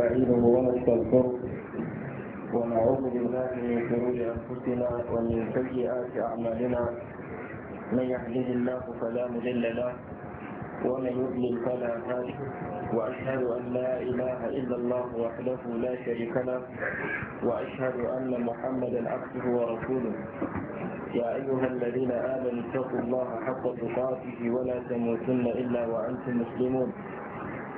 ونستعينه ونستغفره ونعوذ بالله من شرور انفسنا ومن سيئات اعمالنا من يهده الله فلا مضل له ومن يضلل فلا هادي واشهد ان لا اله الا الله وحده لا شريك له واشهد ان محمدا عبده ورسوله يا أيها الذين آمنوا اتقوا الله حق تقاته ولا تموتن إلا وأنتم مسلمون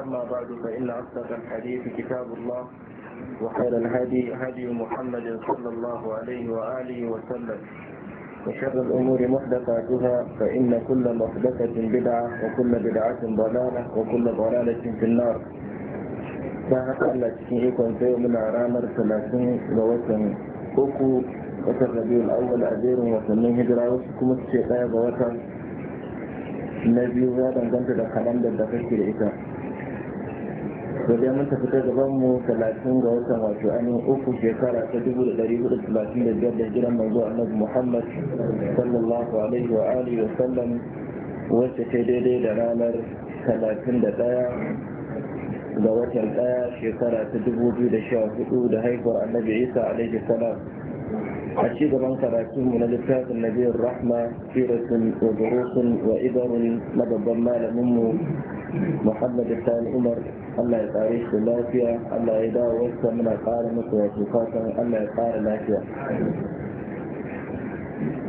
أما بعد فإن أصدق الحديث كتاب الله وخير الهدي هدي محمد صلى الله عليه وآله وسلم وشر الأمور محدثاتها فإن كل محدثة بدعة وكل بدعة ضلالة وكل ضلالة في النار فهذا الله تكيئكم في من عرامر ثلاثين بوسن أكو watan rabiul الأول a jerin هجرة hijira wasu kuma su ce ɗaya ga watan na biyu wajen mun tafi ta gaban mu 30 ga watan wato ainihin uku shekara ta dubu da jiran manzo annabi muhammad sallallahu alaihi wa alihi wa sallam wacce ta daidai da ranar 31 ga watan daya shekara ta 2014 da sha haihuwar annabi isa alaihi salam a ci gaban karatun mu na littafin nabiyar rahma siratun wa durusun wa ibarun na babban malamin mu محمد الثاني عمر الله يتعيش بالعافية الله يداوي ويسر من القارمة ويسوقاتهم الله يقارن العافية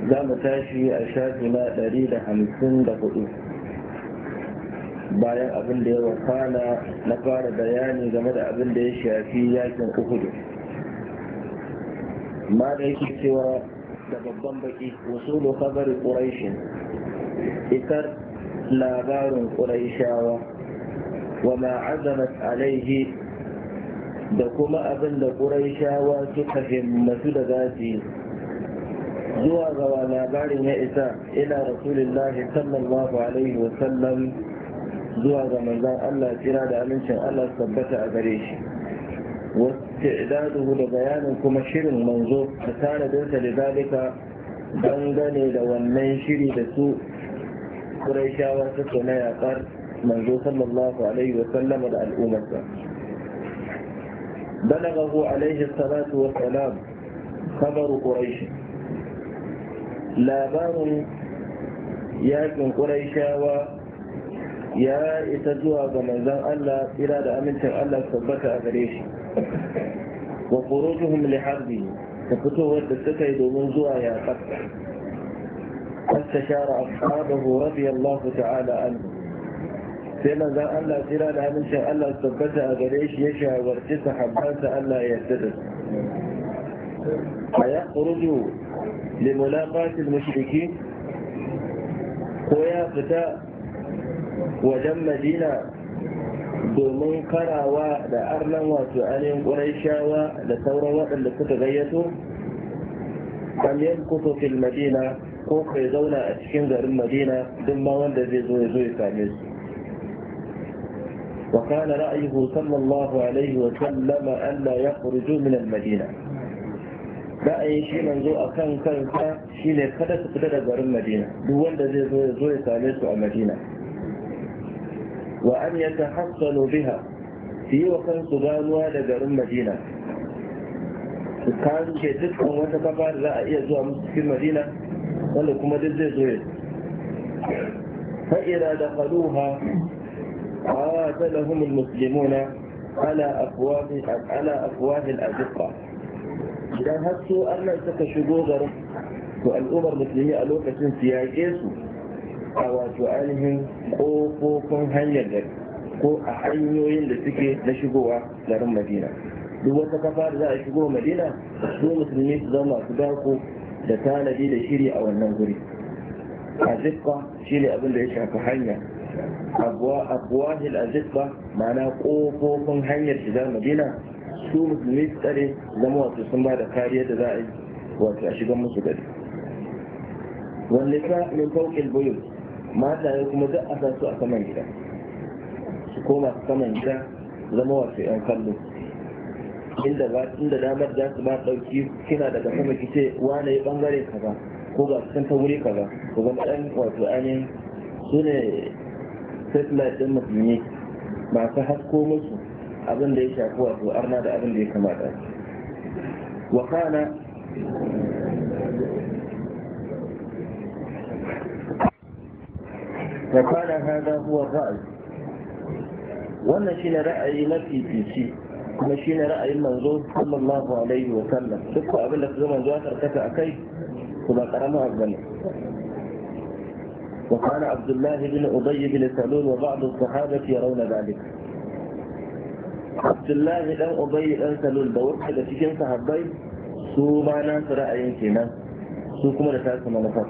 دام تاشي أشاك ما دليل عن سن لقئيس بايا أبن لي وقال نقار بياني جمد أبن لي شافي ياكم أخده ما ليس سوى تبقى بكي وصول خبر قريش إكر labarin ƙuraishawa wa ma'azamat alaihi da kuma abin da ƙuraishawa suka himmatu da zafi zuwa gawa labarin ya isa ila rasulillahi sallallahu alaihi wa sallam zuwa ga manzan Allah tsira da amincin Allah tabbata a gare shi da واستعداده لبيان كما شر منظور فكان ذلك لذلك dangane da wannan shiri da su قريش واسك ولا يقر من صلى الله عليه وسلم الأمة بلغه عليه الصلاة والسلام خبر قريش لا بان ياكن قريشا و يا اتزوا بمنزان الله إلى دعمل شر الله سبك أغريش وخروجهم لحربه فكتوا ودستك يدومون زوا يا قطع فاستشار أصحابه رضي الله تعالى عنه سيما أن لا سلالها من شاء أن لا استبتها أغريش يشاء وارتس حباس الا لا يستدر لملاقاه لملاقات المشركين ويقتاء وجم مدينة دومين قراوا لأرنوا سؤالهم قريشاوا لثوروا اللي كتغيتوا أن ينقصوا في المدينة ko ya zauna a cikin garin madina duk ma wanda zai zo ya zo ya same su وكان رأيه صلى الله عليه وسلم ألا يخرجوا من المدينة ra'ayin shi nan zo akan kanka shine kada su fita daga garin madina duk wanda zai zo ya zo ya same su a madina wa an ya biha fi wa kan su ganuwa da garin madina su kanke dukkan wata kafa da za a iya zuwa musu cikin madina wanda kuma duk zai zo ya fa'ira da faruha a ta da muslimuna ala ala afwahi al idan har su Allah suka shigo garin to al'ummar musulmi a lokacin su yaƙe su a wato ainihin ƙofofin hanyar gari ko a hanyoyin da suke na shigowa garin madina duk wata kafa da za a shigo madina su musulmi su zama su dako da tanadi da shiri a wannan guri shi ne abin da ya shafi hanya abuwahil azikwa mana kofofin hanyar shiga madina su musulmi tsare zama wato sun ba da kariya da za a yi wato a shigan musu gari wallisa min fauƙin buyut mata ya kuma za a su a saman gida su koma saman gida zama wato 'yan kallo inda ba inda damar da su ba dauki kina daga sama kice wane ya bangare ba, ko ga cikin ta wuri ba? ko ga dan wato anin sune satellite din musulmi masu hasko musu abin da ya shafi wato arna da abin da ya kamata wa kana وقال هذا هو الرأي وانا شين رأي ra'ayi na في مشينا رأي المنظور صلى الله عليه وسلم شكوا أبي لك زمن جواسة ركتا أكي وبقرمها أبنه وقال عبد الله بن ابي بن سلول وبعض الصحابة يرون ذلك عبد الله بن ابي بن سلول دور حدا في كم صحابي سو معنا راي كنا سو كما نفاس كما نفاس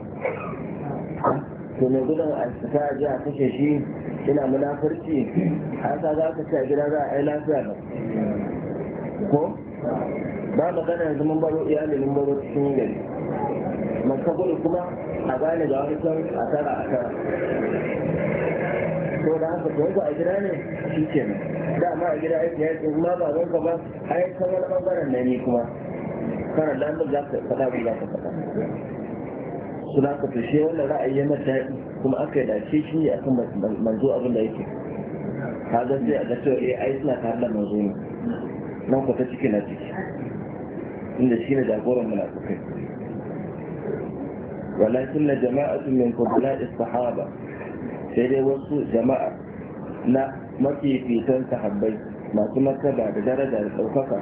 كما يقولون أن استفاع جاء في ina munafurci har sa za ka ci a gida za a yi lafiya ba ko ba magana yanzu mun baro iyali mun baro cikin gari maka gudu kuma a gane ga wani can a tara a tara Ko da haka to a gida ne shi ke nan ma a gida aiki ya tsin ma ba zan ba a yi kan wani bangaren na ni kuma kana da za ka faɗa ba za ka faɗa Suna ka tushe wannan ra'ayi ya mata daɗi kuma aka yi dace shi ne akan manzo abin da yake ga sai a ga cewa eh ai suna tare da manzo ne nan ku ta ciki na ciki inda shi ne jagoran munafikai walakin na jama'atu min as sahaba sai dai wasu jama'a na mafifitan sahabbai masu martaba da daraja da ɗaukaka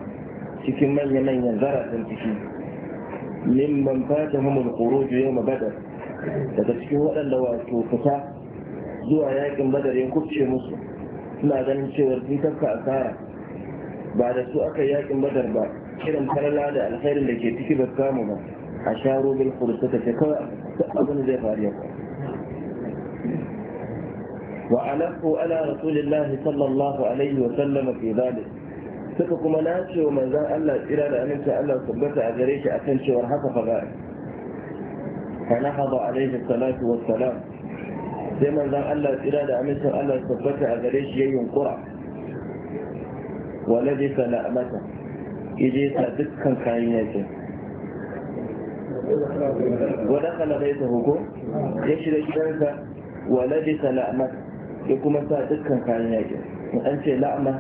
cikin manya-manyan zaratan ciki mimman fata humul khuruj yawma badr daga cikin waɗanda wato fita zuwa yakin badar ya kubce musu suna ganin cewar sun tafka asara ba da su aka yakin badar ba kiran farala da alkhairin da ke ciki ba samu ba a sharo bil fursata ta kawai abin zai faru ya wa على ala الله sallallahu alaihi wa sallam fi ذلك suka kuma nace wa manzon Allah tsira da aminta Allah tabbata a gare shi akan cewar haka fa ba فنهض عليه الصلاة والسلام sai manzan Allah tsira da amincin Allah su tabbata a gare shi ya yunkura wala zai sa la'amata ije sa dukkan kayan yakin wala kala bai ta hukum ya shiga gidansa wala zai sa la'amata kuma sa dukkan kayan yakin in an ce la'ama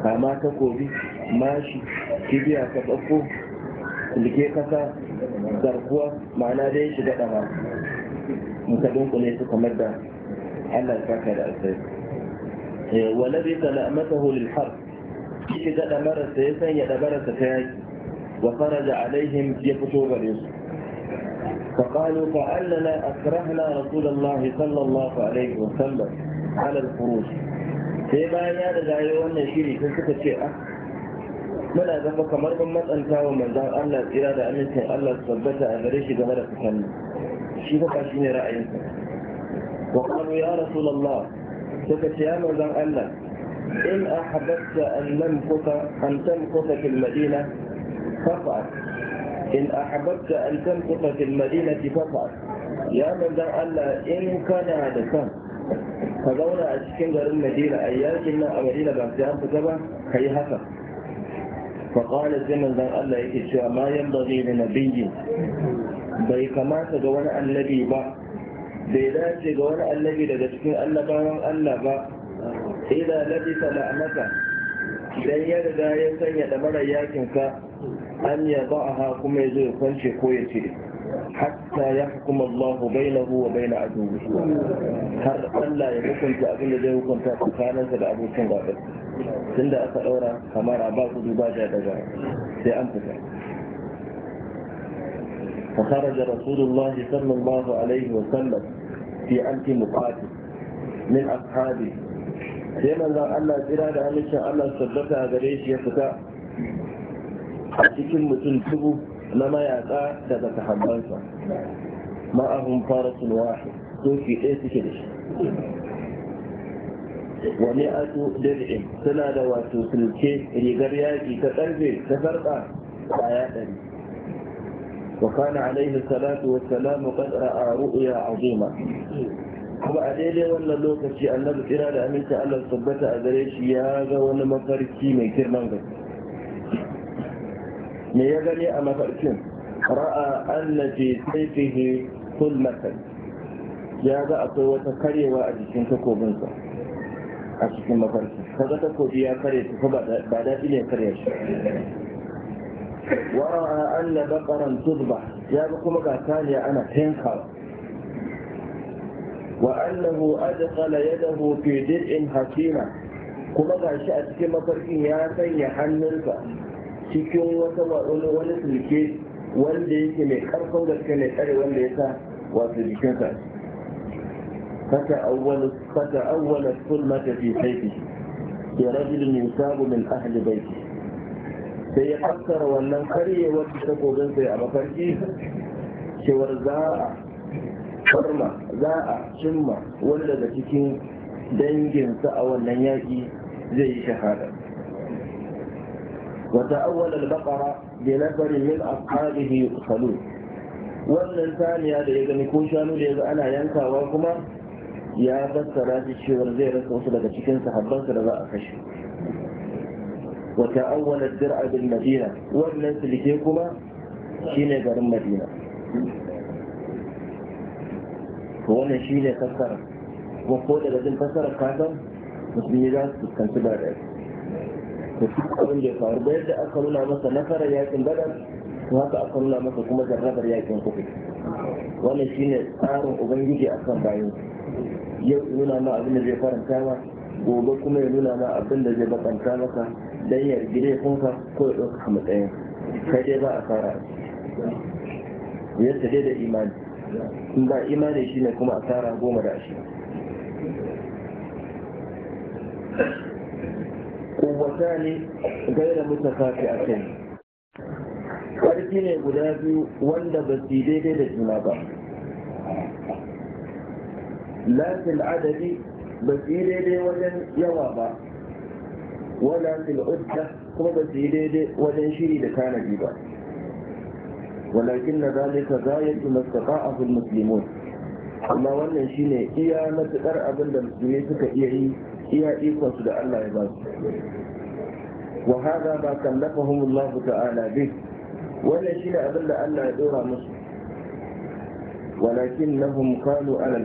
kama takobi mashi kibiya ka ɗauko like kasa garkuwa ma'ana dai shiga dama muka dunkule su kamar da Allah ya saka da alkhairi eh, wa labisa la'matahu lil harb shi da damarar sa ya sanya damarar sa ta yaki wa faraja alaihim ya fito gare su فقالوا كأننا أكرهنا رسول Sallallahu Alaihi الله عليه وسلم على الخروج sai bayan ya riga yi wannan shiri sun suka ce a ah, muna zama kamar mun matsanta wa manzan Allah tsira da amincin Allah su tabbata a gare shi game da fitanni shi fa shi ne ra'ayinsa wa qalu ya rasulullah suka ce ya manzan Allah in ahabbta an namkuka an tamkuka fil madina fa'al in ahabbta an tamkuka fil madinati fa'al ya manzan Allah in kana da san ka zauna a cikin garin Madina a yakin nan a Madina ba sai an fita ba kai haka فقال زمن ذن الله يكتشى ما ينبغي لنبي بي كما تقول النبي با بي لا تقول النبي لدتكين ألا با ألا با إذا لبث لعنك إذن يرجى يسن يدمر ياكنك أن يضعها كما يزوي كنش كويتي حتى يحكم الله بينه وبين عدوه هل ألا يكون تأكل ذي وكنت أكل كانت الأبو سنغابت tunda aka daura kamara ba gudu ba da daga sai an fita فخرج رسول الله صلى الله عليه وسلم في أنف مقاتل من أصحابه sai manzon Allah kira da halittar Allah tabbata a gare shi ya fita a cikin mutum dubu na mayaka daga sahabbansa ma'ahun farasun ɗaya suke da shi wani atu dir'in suna da wato sulke rigar yaƙi ta ƙarfe ta sarƙa kwaya ɗari وكان عليه الصلاة والسلام قد رأى رؤيا عظيمة kuma a daidai wannan lokaci annabi kira da aminta Allah tabbata a gare shi ya ga wani mafarki mai girman gaske me ya gani a mafarkin ra'a anna fi sayfihi kulmatan ya ga akwai wata karyewa a jikin takobinsa a cikin mafarki kaga takobi ya kare su ba daɗi ne kare shi wara'a anna baqaran tudba ya ga kuma ga taniya ana tankawa wa annahu adqala yadahu fi dir'in hakima kuma gashi a cikin mafarkin ya sanya hannunsa cikin wata wani sulke wanda yake mai karfin gaske mai tsare wanda ya sa wato jikinsa فتأول فتأول الثلمة في سيفه برجل ينساب من أهل بيته sai ya fassara wannan karyewar da takobin sai a mafarki cewar za a farma za a cimma wanda daga cikin danginsa a wannan yaƙi zai yi shahada wata awwalar bakara da nafarin min ashabihi yusalu wannan saniya da ya gani ko shanu da ya ana yankawa kuma ya fassara shi cewar zai rasa wasu daga cikin sahabbansa da za a kashe wata awwala dir'a bil madina wannan silke kuma shine garin madina to wannan shine fassara kuma ko daga jin fassara ka san musulmi za su fuskanci ba da to duk abin da ya faru da yadda aka nuna masa nasarar yakin badar to haka aka nuna masa kuma jarrabar yakin kuɗi wannan shine tsarin ubangiji akan bayan yau nuna ma abin da zai faranta ma gobe kuma ya nuna ma abin da zai bakanta maka dan ya gire kunka ko ya ɗauka matsayin kai dai ba a fara yadda dai da imani in ba imani ne kuma a asara goma da ashirin kuwatani gaira kafi a kai ƙarfi ne guda biyu wanda ba su daidai da juna ba la fil adadi ba su yi daidai wajen yawa ba wala fil kuma ba yi daidai wajen shiri da tanadi ba walakin na zalika zayatu mastata'ahu almuslimun amma wannan shine iya matukar abin da suka iya yi iya ikon su da Allah ya ba su wa hada ba kallafahum Allah wannan shine Allah ya dora musu walakin lahum kanu ala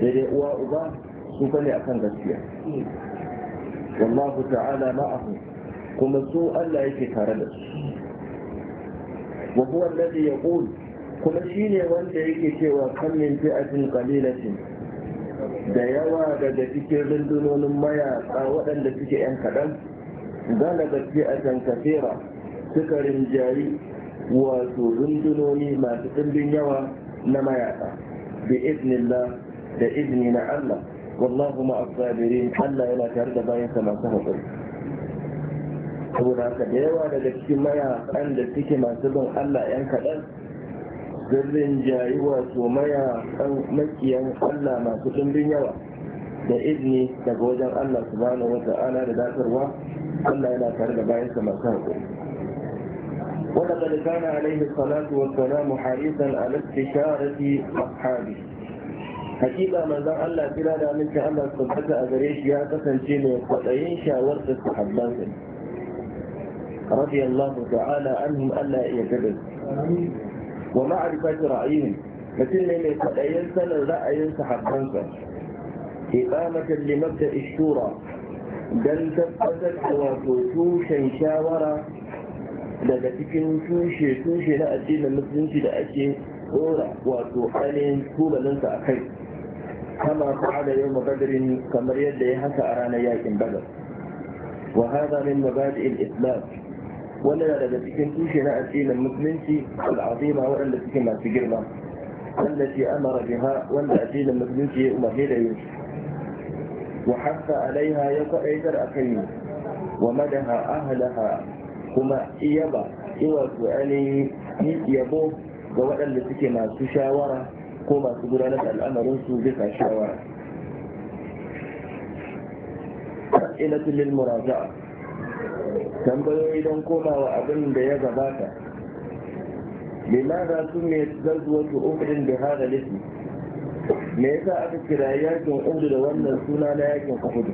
daidai uwa uba su ne a akan gaskiya wallahu ta'ala ma'ahu kuma su Allah yake tare da su wa huwa alladhi yaqul kuma shine wanda yake cewa kan min fi'atin qalilatin da yawa daga cikin rundunonin mayasa waɗanda suke 'yan kaɗan da fi'atan kafira sukarin jari, wato rundunoni masu ɗimbin yawa na mayasa. bi iznillah da izini na Allah wallahu ma asabirin Allah yana tare da bayan sa masu haƙuri saboda haka da yawa daga cikin mayakan da suke masu bin Allah yan kaɗan sirrin jayi wato mayakan makiyan Allah masu ɗumbin yawa da izini daga wajen Allah subhanahu wa ta'ala da dakarwa Allah yana tare da bayan sa masu haƙuri ولقد كان عليه الصلاة والسلام حريصا على استشارة أصحابه hakika manzon Allah kira da amincin Allah su tabbata a gare shi ya kasance mai kwaɗayin shawar da su habbansa radiyallahu ta'ala anhum Allah ya gada wa ma'rifati ra'ayihim mutum ne mai kwaɗayin sanin ra'ayin su sahabbansa iqamatan li mabda ishura dan tabbatar da wato tushen shawara daga cikin tushe tushe na addinin musulunci da ake tsora wato ainihin tubalinsa a kai كما فعل يوم بدر كما يدعي حتى أرانا ياكم بدر وهذا من مبادئ الإسلام ولا لدى تكن توشنا أسئلة المسلمين العظيمة والتي تكن ما تجرنا التي أمر بها ولا أسئلة المسلمين أمهير يوسف وحث عليها يقعدر أخيه ومدها أهلها كما إيبا إيوة سؤالي يعني يبوه ولا تكن ما تشاوره ko masu gudanar da al'amarin su bisa shawara ilatu lil muraja'a tambayoyi don komawa abin da ya gabata limaza sun ne zazuwatu umrin da hada lismi me yasa aka kira yakin uhud da wannan suna na yakin uhud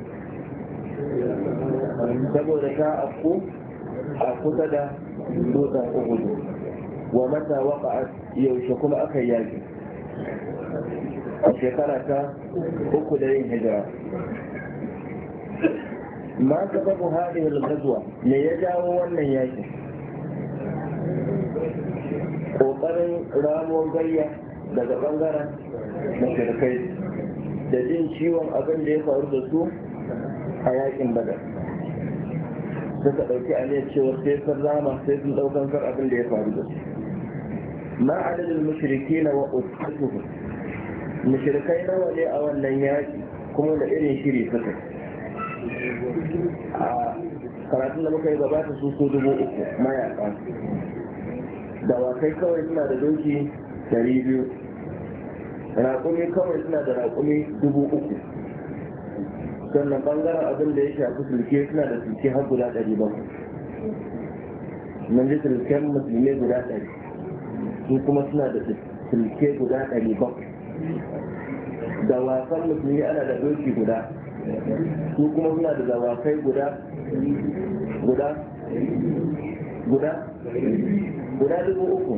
saboda ta afku a kusa da dutsen uhud wa mata waqa'at yaushe kuma aka yaki a shekara ta uku da yin hijira ma sababu hadhihi al-ghazwa me ya jawo wannan yaki Ƙoƙarin ramo gayya daga na shirkai da jin ciwon abin da ya faru da su a yakin badar suka ɗauki aniyar cewa sai sun rama sai sun ɗaukan kar abin da ya faru da su ma adadin mushriki na wa mushrikai nawa ne a wannan yaki kuma da irin shiri suka a karatun da muka yi gabata su su dubu uku mayaka da wakai kawai suna da doki dari biyu raƙumi kawai suna da raƙumi dubu uku sannan bangaren abin da ya shafi sulke suna da sulke har guda ɗari ba mun ji sulken musulmi guda ɗari su kuma suna da sulke guda ɗari bakwai da wasan musulmi ana da doki guda su kuma suna da dawakai guda guda guda guda dubu uku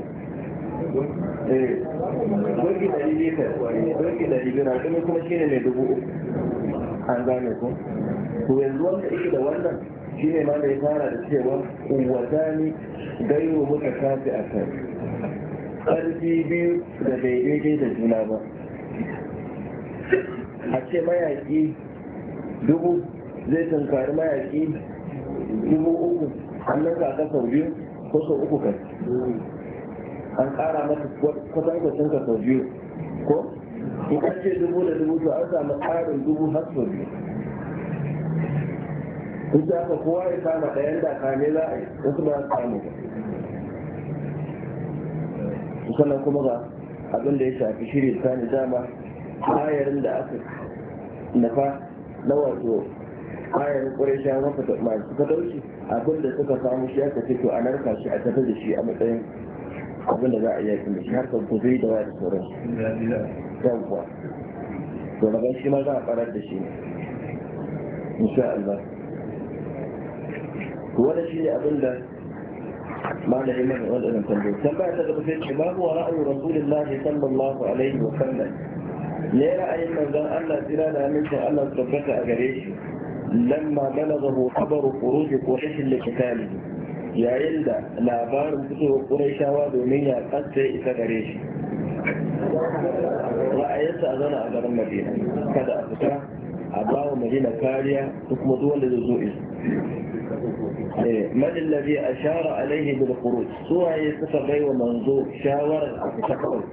eh, doki dari biyu kai doki dari biyu na kuma shine mai dubu uku an gane ku to yanzu wanda yake da wannan shi ne ma da ya fara da cewa uwatani gaiwo muka kafi a kai ƙarfi biyu da bai daidai da juna ba a ce mayaƙi dubu zai tunkari mayaƙi dubu uku hannun ka sau biyu ko sau uku kai an ƙara mata kwatankwacin ka sau biyu ko in an ce dubu da dubu to an samu ƙarin dubu har sau biyu kusa da kowa ya kama ɗayan da kane za a yi wasu ba su samu ba sannan kuma ga abin da ya shafi shiri sani dama ayarin da aka nafa na wato ayarin kwarai sha maka masu dauki abin da suka samu shi aka fito a narka shi a tafi da shi a matsayin abin da za a yi mai shi har kan kuzuri da da sauran yawwa to daga shi ma za a farar da shi ne insha Allah wanda shi ne abin da معنى الإمام والإمام تنبيه تنبيه تدرسين ما هو رأي رسول الله صلى الله عليه وسلم ليرى أيما ذا أن سلالة أمنت أن تربك أجريش لما بلغه خبر خروج قريش لقتاله يا إلا لا بار فتو قريش ودومية قد سيئت أجريش رأيت أذن أجر المدينة كذا أفتح أباو مدينة كارية تكمدون لذوئه من الذي أشار عليه بالخروج سوى يستفى ومنظور شاور تقول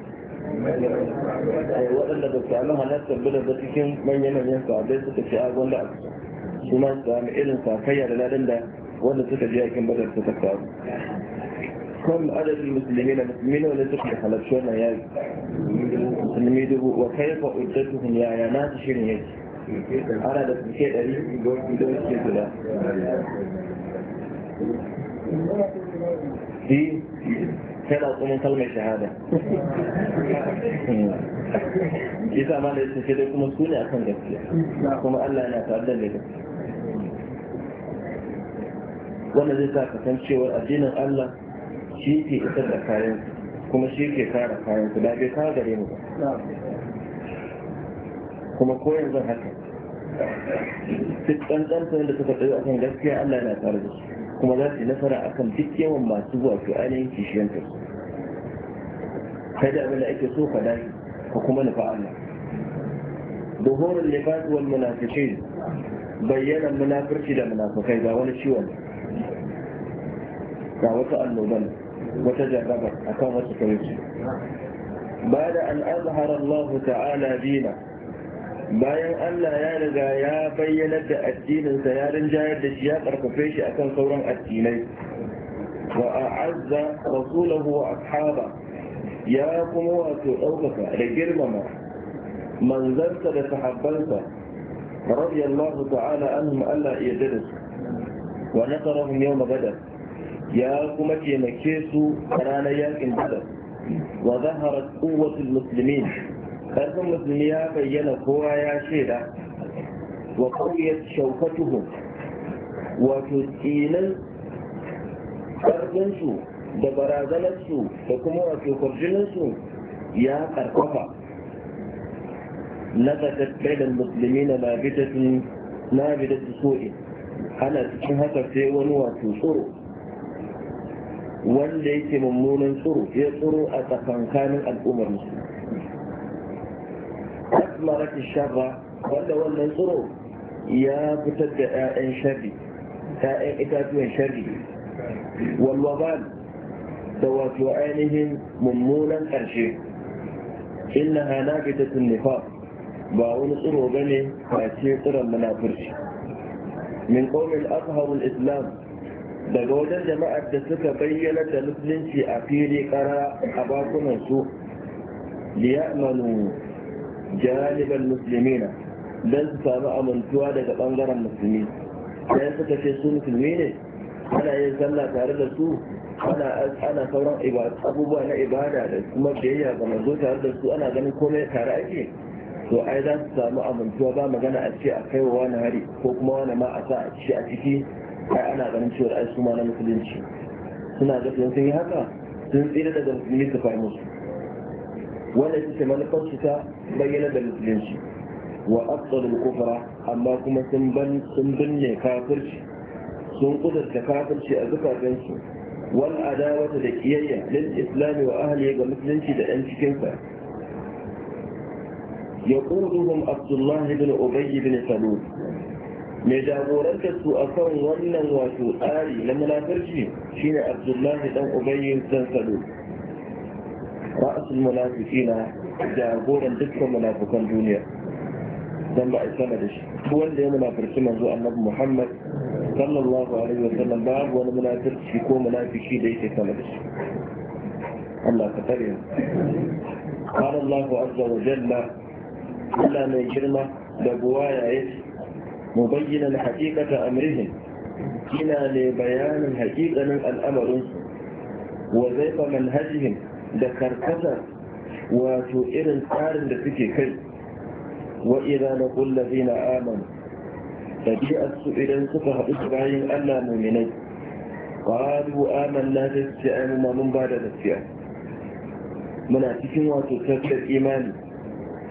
waɗanda ba su alam halattar bada da cikin manyan manyan sahabbai suka ce agon da su ma sami irin sakayya da ladan wanda suka je yakin badar suka samu kan adadin musulmi na musulmi ne wanda suka halarci wannan musulmi dubu na ana da suke ɗari don في tana tsumin kalmar shahada hmm. isa ma da yake dai kuma su akan gaskiya kuma Allah yana tare da zai sa kasan cewa addinin Allah shi ke isar da kayan kuma shi ke kare kayan su da kawo gare mu ba kuma ko yanzu haka duk da suka tsaye akan gaskiya Allah yana tare da su kuma za su nasara akan duk yawan masu wato ainihin kishiyanta kai da abin da ake so ka dace ka kuma nufa Allah ظهور اللباس والمنافقين بين المنافق إلى منافقين إذا ولا شيء ولا دعوت النبل وتجربت أقامت كريسي بعد أن أظهر الله تعالى دينه bayan Allah ya riga ya bayyana da addininsa ya rinjayar da shi ya karfafe shi akan sauran addinai wa a'azza rasulahu wa ashaba ya kuma wato daukaka da girmama manzansa da sahabbansa radiyallahu ta'ala anhum Allah ya dada wa nasarahum yawm badr ya kuma taimake su ranar yakin badr wa zaharat quwwatul muslimin ƙarfin musulmi ya bayyana kowa ya shaida wa ƙauyar shaukatuhu wato tsinin ƙarfinsu da barazanarsu da kuma wato kwarjininsu ya karfafa na tattattai da musulmi na su so'i ana cikin haka sai wani wato tsoro wanda yake mummunan tsoro ya tsoro a tsakankanin al'ummar musulmi أطلقت الشر وأن ولا ينظروا يا بتدعى إن شري إتاتوا إن شري والوبال دوات وعينهم ممونا أرشي إنها نابتة النفاق باون قروا بني فاتي قرى منافرش من قوم أظهر الإسلام daga wajen jama'ar da suka bayyana da musulunci a fili kara a bakunan su liya'manu janiban musulmina don su samu amintuwa daga bangaren musulmi sai suka ce su musulmi ne ana yin sallah tare da su ana sauran abubuwa na ibada da kuma biyayya ga manzo tare da su ana ganin komai tare ake to ai za su samu amintuwa ba magana a ce a kai wa wani hari ko kuma wani ma a sa a ci a ciki ai ana ganin cewa ai su ma na musulunci suna ga sun yi haka sun tsira daga musulmi su fahimci wanda suke manufarsu ta bayyana da musulunci wa afdalul kufra amma kuma sun binne kafirci sun kudurta kafirci a zukatansu wal adawata da kiyayya lil islam wa ahli ga musulunci da 'yan cikinsa yaquduhum abdullah ibn ubay ibn salul mai jagorantar su a kan wannan wato tsari na munafirci shine abdullahi dan ubay ibn salul رأس المنافقين جاءون دكتور منافقا دنيا دم بأسندش هو اللي منافر سمن زوء النبي محمد صلى الله عليه وسلم باب وانا منافر سيكون منافقي ليس سمدش الله كتبين قال الله عز وجل إلا من جرمة لبوايا إيه مبينا حقيقة أمرهم إلى لبيان حقيقة الأمر وذيب منهجهم da karkatar wato irin tsarin da suke kai wa na laqul na, Aman. tabi'at su idan suka haɗu da bayan Allah mu'minai qalu amanna tasja'u ma mun da gaskiya muna cikin wato tafsir imani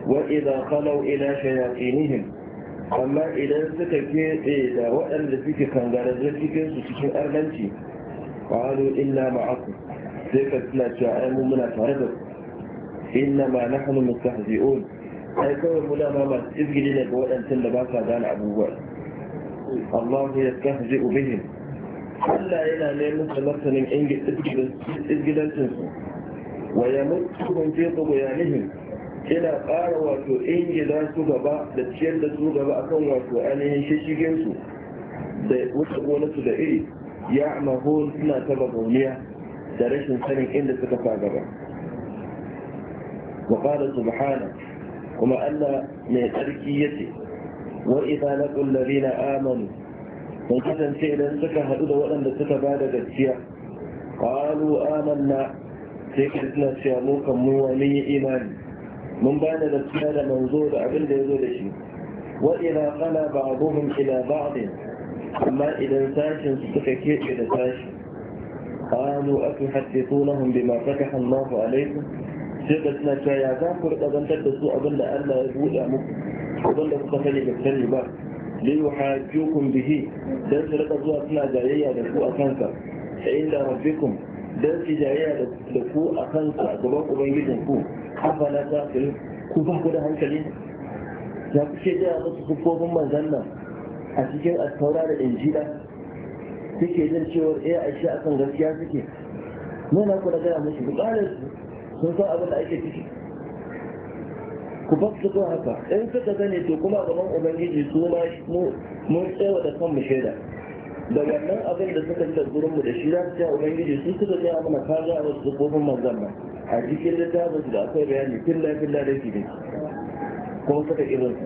wa idza khalu ila shayatinihim amma idan suka keɓe da waɗanda suke kangarar cikin su cikin arnanci qalu inna ma'akum صفة ما شاءه من أفردك إنما نحن مستهزئون أي كوي ملام أمر إذ قلنا بوئا سلباسا دان عبوان الله يستهزئ بهم ألا إلى نيمس مثل إن إذ قلنا تنسوا ويمتهم في طبيانهم إلى قال واتو إن قلنا سببا لتشير لسببا أكون واتو أنه شيشي جنسو ده وشقونة ده إيه يعمهون سنة تبقونيه da rashin sanin inda suka sa gaba wa qala subhana kuma Allah mai tsarki yace wa idza laqul ladina amanu sun sai idan suka haɗu da waɗanda suka ba da gaskiya qalu amanna sai ka suna cewa mu kan mu mun yi imani mun ba da gaskiya da manzo da abin da ya zo da shi wa idza qala ba'dhum ila ba'd amma idan sashin su suka keɓe da sashi قالوا أتحدثونهم بما فتح الله عليكم سيدة سنة يا ذاكر أبن تدسوا أبن ألا يقول أمك أبن لك سني بالسني بار ليحاجوكم به دان سرقة زوا سنة جاية لكو أكانك عند ربكم دان سجاية لكو أكانك أكبر أبن جدنكو أفلا تاكل كوفا كده هنكلين ya kushe da musu kufofin manzan nan a cikin attaura da injila suke jin cewar eh a shi akan gaskiya suke mu na kula gaya mashi, musu bukalar sun san abin da ake ciki ku ba su ko haka in suka gane to kuma gaban ubangiji su ma mun tsayawa da kanmu shaida da wannan abin da suka da gurin mu da shi za su ta ubangiji su suka ga mana ka ga wasu kofofin manzon nan a cikin littafin da akwai bayani filla filla da shi ne kuma suka irin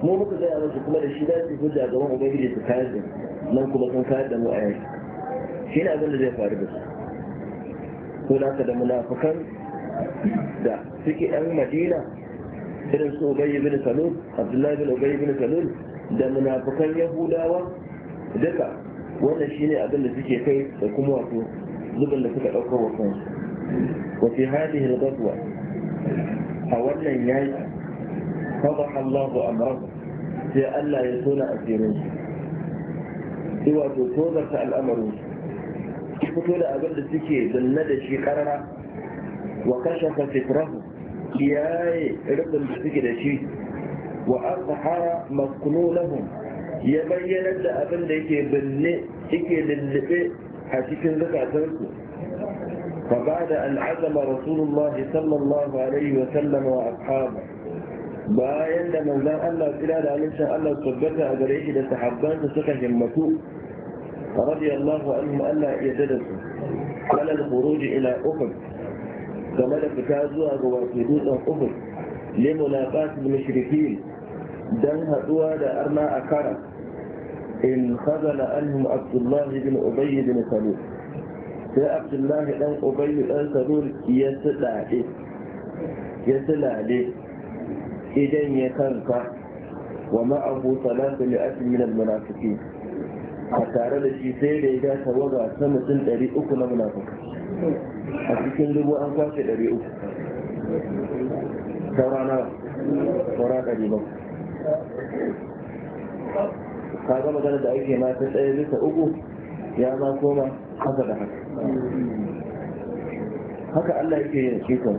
mu muka ga wasu kuma da shi za su hujja gaban ubangiji su kayar da nan kuma sun kayar da mu a yanzu shi ne abin da zai faru da su ko da ka da munafukan da suke yan madina irin su ubayi bin salul abdullahi bin ubayi bin salul da munafukan yahudawa duka wannan shi ne abin da suke kai da kuma wato zubin da suka ɗauka wa kansu wa fi hadihi al-ghazwa a wannan yaki fadaha Allahu amrahu sai Allah ya tona asirin su sai wato tozarta al'amarin su fito da abin da suke danne da shi karara wa kashafa fitrahu kiyaye rubin da suke da shi wa azhara maskununahum ya bayyana da abin da yake binne yake lullube a cikin zukatansu فبعد أن عزم رسول الله صلى الله عليه وسلم وأصحابه bayan da manzan Allah tsira da halittar Allah tabbata a gare shi da sahabbansa suka himmatu radiyallahu anhu Allah ya dada su ala al-khuruj ila ukhud game da fita zuwa ga wato dutsen ukhud li mulaqat al-mushrikin dan haduwa da arna a kara in khazala anhum Abdullah bin Ubay bin Salul sai Abdullah dan Ubay dan Salul ya sadade ya sadade idan ya kanka wa ma'ahu salatu li'atin min al-munafiqin a tare da shi sai da ya ga tawaga ta mutum ɗari uku na munafiki a cikin dubu an kwashe ɗari uku Ta rana, saura ɗari ba ka ga magana da ake ma ta tsaye bisa uku ya ma koma haka da haka haka Allah yake yin kansu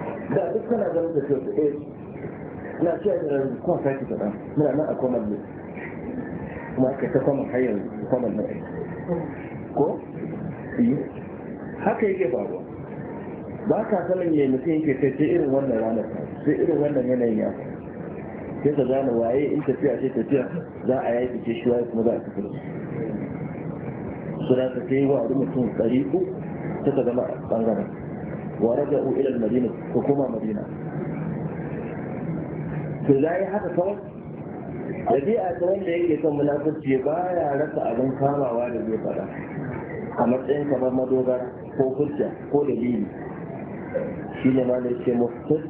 da duk kana ganin da kyau eh na cewa da kuma sake faɗa muna nan a kwamar ne kuma aka ta kwamar har yanzu kwamar na ko haka yake faruwa ba ka sanin me mutum yake kai sai irin wannan ranar sai irin wannan yanayin ya sai ka gane waye in tafiya ce tafiya za a yaki ce shi waye kuma za a tafi su da ta yi wa mutum ɗari uku ta suka zama ɓangaren wa raja'u ila al-madina ko kuma madina to zai haka kawai dabi'a ta wanda yake son munafurci baya rasa abin kamawa da zai fada a matsayin kamar madogara ko hujja ko dalili شين مالك a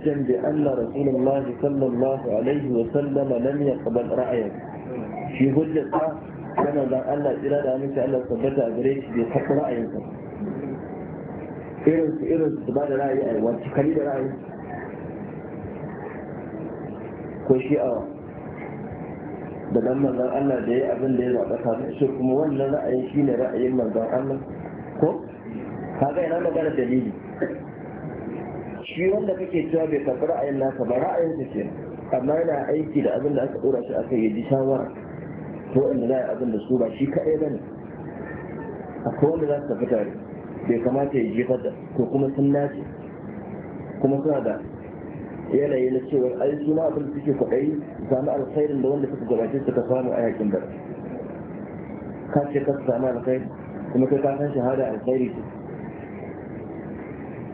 بأن رسول الله صلى الله عليه وسلم لم يقبل رأيك في هجة كان ذا أن إرادة منك أن تثبت أبريك بحق رأيك irin su irin su ba da ra'ayi a wacce kari da ra'ayi ko shi a da dan manzon Allah da ya abin da ya zaɓa kafin shi kuma wannan ra'ayin shi ne ra'ayin manzan Allah ko kaga yana magana dalili shi wanda kake cewa bai karɓi ra'ayin nasa ba ra'ayin sa ce amma yana aiki da abin da aka ɗora shi aka yi ji shawara ko inda za a abin da su ba shi kaɗai ba ne akwai wanda za su tafi tare bai kamata ya jefar da to kuma sun nace kuma suna da yanayi na cewa ai suna abin da suke kwaɗayi sami alkhairin da wanda suka gabace ka samu a yakin da ka ce ka samu alkhairi kuma kai ka san shahada alkhairi ce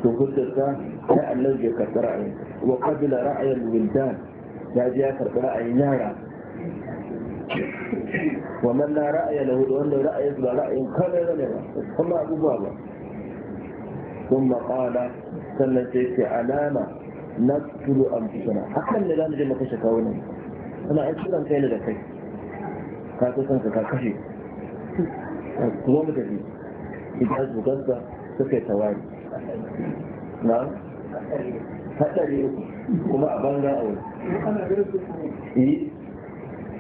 to hujjar ta ai Allah bai karɓi ra'ayin wa qabila ra'ayin wildan ya ji ya karɓi ra'ayin yara wa man la ra'aya lahu wanda ra'ayin ba ra'ayin kada ne ba kuma abubuwa ba ثم قال sannan sai ce alama na tulu an fitana hakan ne za mu je mu kashe kawunan ana ai kiran kai ne da kai ka ta san ka kuma mu tafi idan su gasa suka yi tawari na hadari kuma a banga a wani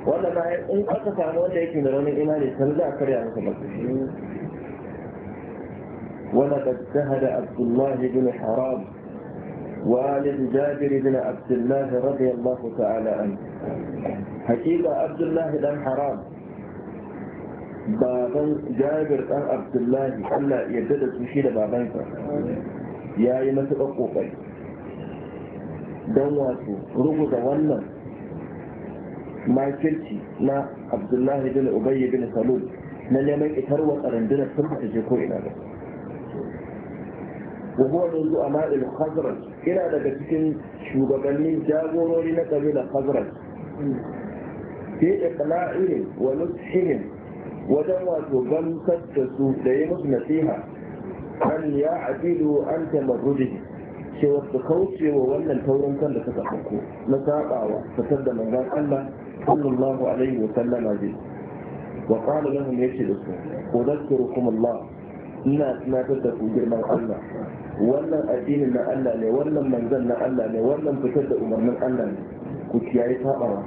wannan ma in aka samu wanda yake da wani imani san za a karya masa ba ولقد شهد عبد الله بن حرام والد جابر بن عبد الله رضي الله تعالى عنه حقيقة عبد الله بن حرام jabir dan abdullahi allah yarda da su babansa ya yi matuƙar ƙoƙari don wato ruguza wannan makirci na abdullahi bin ubayy bin salul na neman itarwa tsarandunar sun ba ta وهو منذ أماء الخزرج إلى ذلك شوغبنين جاغوروري نقبل الخزرج في da ونصحهم ودوات غمسة تسوديمس نسيها أن يعدلوا عن تمردهم cewa su kauce wa wannan taurin kan da suka ɗauko na saɓawa fitar da manzan Allah sallallahu alaihi wa sallama bi wa qala lahum da su udhakkirukum Allah ina tunatar da ku girman Allah wannan addinin na Allah ne wannan manzon na Allah ne wannan fitar da umarnin Allah ne ku kiyaye sabawa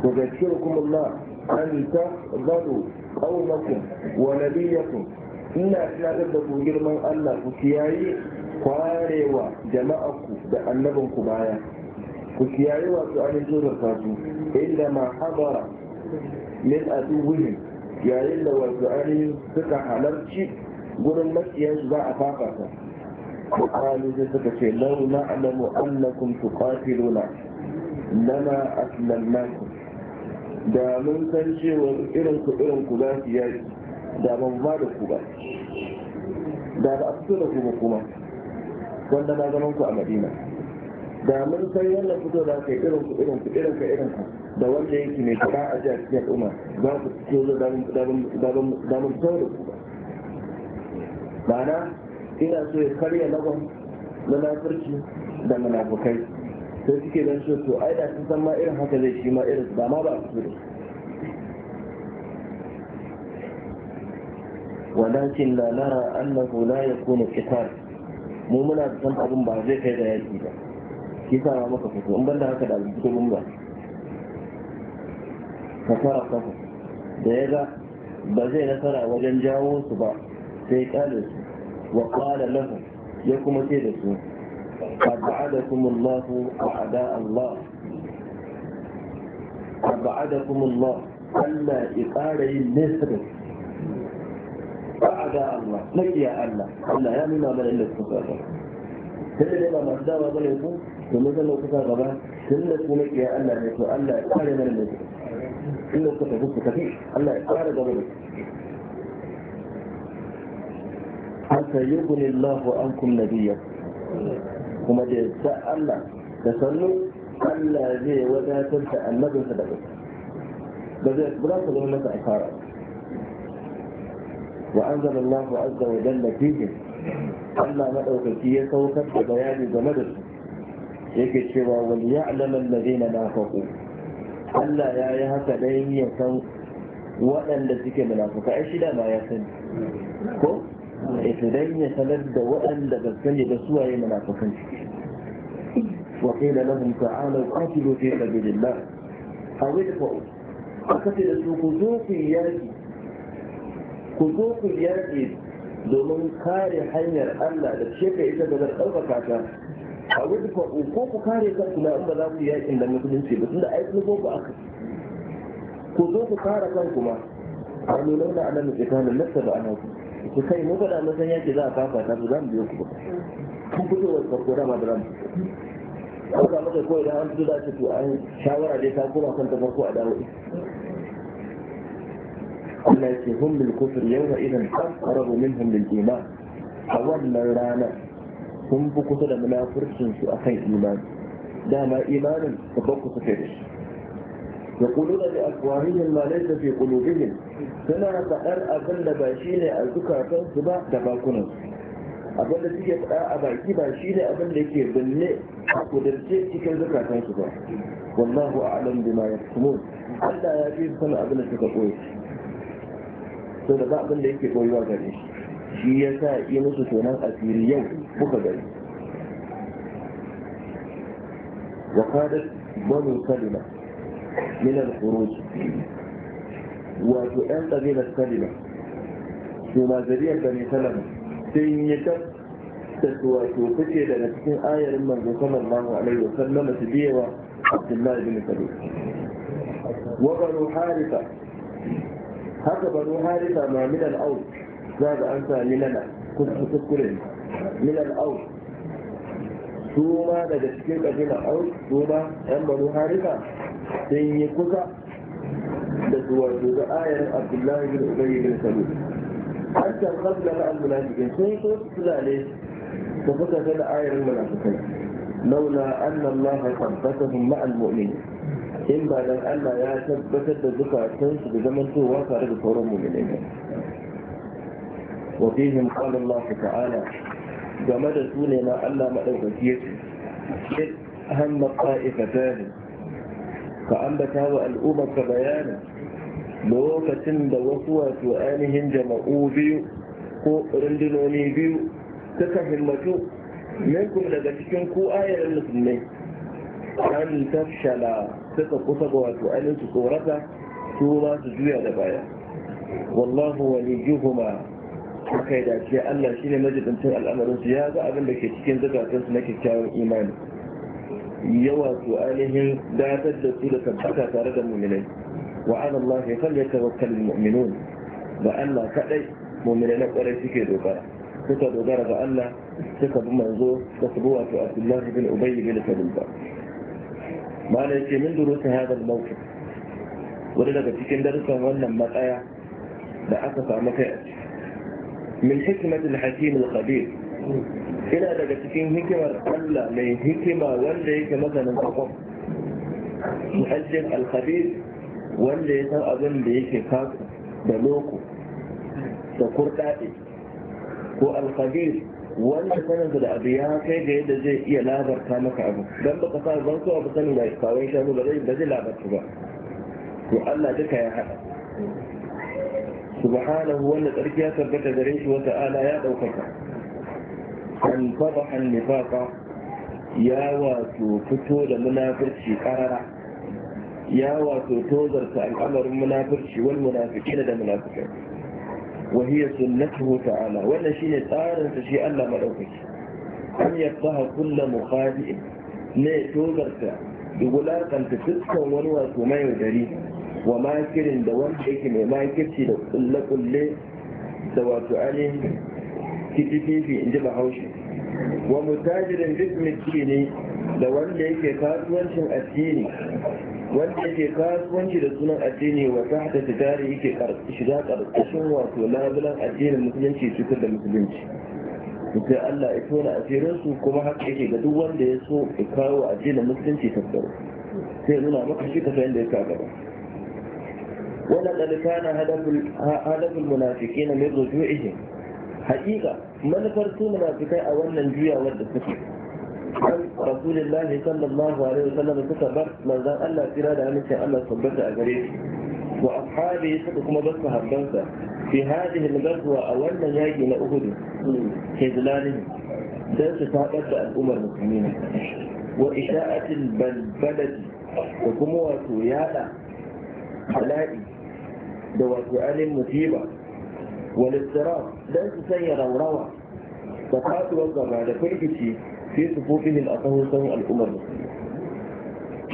ku ga zakirkum Allah an tafdalu qaumakum wa nabiyakum ina tunatar da ku girman Allah ku kiyaye kwarewa jama'arku da annabinku baya ku kiyaye wasu ajin zurfa su inda ma habara min aduwihim yayin da wasu ainihin suka halarci gurin makiyansu za a ta kwanu sai suka ce lau na alamu annakum tuqatiluna lana aslamnakum da mun san cewa irin ku irin ku za su yaki da ban ba da ku ba da ba a fito da ku ba kuma wanda na zaman ku a madina da mun san yadda fito da kai irin ku irin ku irin ka irin ka da wanda yake mai fara a jiya cikin al'umma za ku ciyo da damun fito da ku ma'ana ina so ya karya lagon na nafirci da munafukai sai suke don so to ai da sun san ma irin haka zai shi ma irin ba ma ba a fito da ولكن لا نرى أنه لا mu muna san abin ba zai kai da yaki ba. shi sa na maka fito in banda haka da albuke mun ba ka fara kafa da ya ga ba zai nasara wajen jawo su ba sai kyale su wa kala lahu ya kuma ce da su قد عدكم الله أعداء الله قد عدكم الله ألا إقارة Allah أعداء الله لك يا الله الله يا مما من إلا tun da ba masu dawa bane ku domin zan lokuta gaba tun da su maƙiya Allah ne to Allah ya kare mana ne tun da kuka tafi tafi Allah ya kare gaba ne hasa yughni Allahu ankum nabiyya kuma da yadda Allah da sannu Allah zai wadatar da annabinsa da kai ba zai ba za zama masa asara وأنزل الله عز وجل فيهم Allah maɗaukaki ya saukar da bayani game da su yake cewa wani ya wal ya'lam alladhina nafaqu Allah ya yi haka dan ya san waɗanda suke munafuka ai shida ma ya sani ko idan ya sanar da waɗanda ba sani da suwaye munafukan wa qila lahum ta'alu qatilu fi sabilillah aw idfa'u aka ce da su ku zo ku yaki ku zo ku yaki domin kare hanyar Allah da sheka ita da zan ɗaukaka ta a wajen ko ku kare kanku na ba za ku yakin da musulunci ba tunda ai kun ku aka ku zo ku kare kanku ma a nuna da alamun tsakanin nasa da ana ku kai mu faɗa mun san yake za a kafa ta za mu biyo ku ba kun fito wa farko dama da ramu ko ka mace kawai da an fito da ake to an shawara dai ta koma kan ta farko a dawo Allah yake hum lil kufr yawma idan aqrabu minhum lil iman a wannan rana sun fi kusa da munafurcin su akan imanin kai da shi يقولون بأفواههم ما ليس في قلوبهم سنة فأر أبن باشين أزكى تنسبة دباكنا abin da suke faɗa a baki ba shi ne abin da ke binne a kudurce cikin zukatan su ba wallahu a'lam bima Allah ya fi sanin abin da suka koyi to da ba abin da yake koyuwa gare shi shi ya sa yi musu tonan asiri yau kuka gari wa kadat banu kalima min al wato 'yan ƙabilar kalima su ma zariyar bani kalima sun yi tabbata da wato kuke daga cikin ayarin manzo sallallahu alaihi wa sallama su biyewa Abdullahi bin Sabi wa banu Harifa haka banu harisa ma min au za ga an sami lana kuskure min au! su ma daga cikin ƙabilar au, su ma yan banu harisa sun yi kusa da su wato ga ayar abdullahi bin ubayi bin salu hatta qabla al-munafiqin sun so su tulale su fuka da ayar munafiqai laula anna allaha tabbatahu ma'al mu'minin in ba dan Allah ya tabbatar da zukatansu da zamantowa tare da sauran mu'minai ba wa fihim qala Allah ta'ala game da su ne ma Allah madaukaki ya ce in hamma qa'ifatan ka ambata wa al'ummar ka bayanin lokacin da wasu wato ainihin jama'u biyu ko rundunoni biyu suka himmatu minkum daga cikin ku ayar musulmai an tafshala suka kusa ga wato ainihin su tsorata su ma su juya da baya wallahu waliyuhuma haka da dace Allah shi ne al'amarin su ya ga abin da ke cikin su na kyakkyawan imani yawa su ainihin datar da su da tabbata tare da muminai wa ala Allah ya kalli tawakkal mu'minun ba Allah kadai muminai na kwarai suke dogara suka dogara ga Allah suka bi manzo da su wato Abdullah bin Ubay bin Salul ba ما ليس من دروس هذا wani daga cikin درسا wannan matsaya da aka samu kai min hikimatul hakim al-khabir ina daga cikin hikimar Allah mai hikima wanda yake masanin kwakwam muhajjin al-khabir wanda ya san abin da yake kaku da loko da kurɗaɗe ko al-khabir wanda sanin da abu ya kai ga yadda zai iya labarta maka abu dan ka sa ban so abu sanin da kawai shanu ba zai ba zai labarta ba to Allah duka ya hada subhanahu wanda tsarki ya tabbata gare shi wa ta'ala ya daukaka an fadaha nifaqa ya wato fito da munafirci karara ya wato tozarta al'amarin munafirci wal munafiqina da munafiqai wa hiya sunnatuhu ta'ala wannan shine tsarinsa, shi Allah maɗaukaci," an yattaha kullu mukhadi'in ne togarta dugulakanta dukkan wani wato mai yaudari wa makirin da wanda yake mai makirci da kulle-kulle da wato ainihin kitififi in ji bahaushe wa mutajirin bismiki ne da wanda yake kasuwancin addini wanda yake kasuwanci da sunan addini wa ta hada tijari yake shiga karkashin wato labulan addinin musulunci cikin da musulunci sai Allah ya tona asirin su kuma haka yake ga duk wanda ya so ya kawo addinin musulunci tattaro sai ya nuna maka shi kafa yadda ya sa gaba hadafin كان na المنافقين من رجوعهم حقيقة manufar su munafikai a wannan juyawar da suke rasulillahi sallallahu alaihi wasallam suka bar manzon Allah tsira da amince Allah tabbata a gare shi wa ashabi suka kuma bar sahabbansa fi hadhihi al-ghazwa a wannan yaki na Uhud hizlanihi dan su tabar da al'ummar musulmin wa isha'atil balbalati da kuma wato yada bala'i da wato dan su sanya raurawa gaba da firgici في صفوفهم أتوه سوء الأمم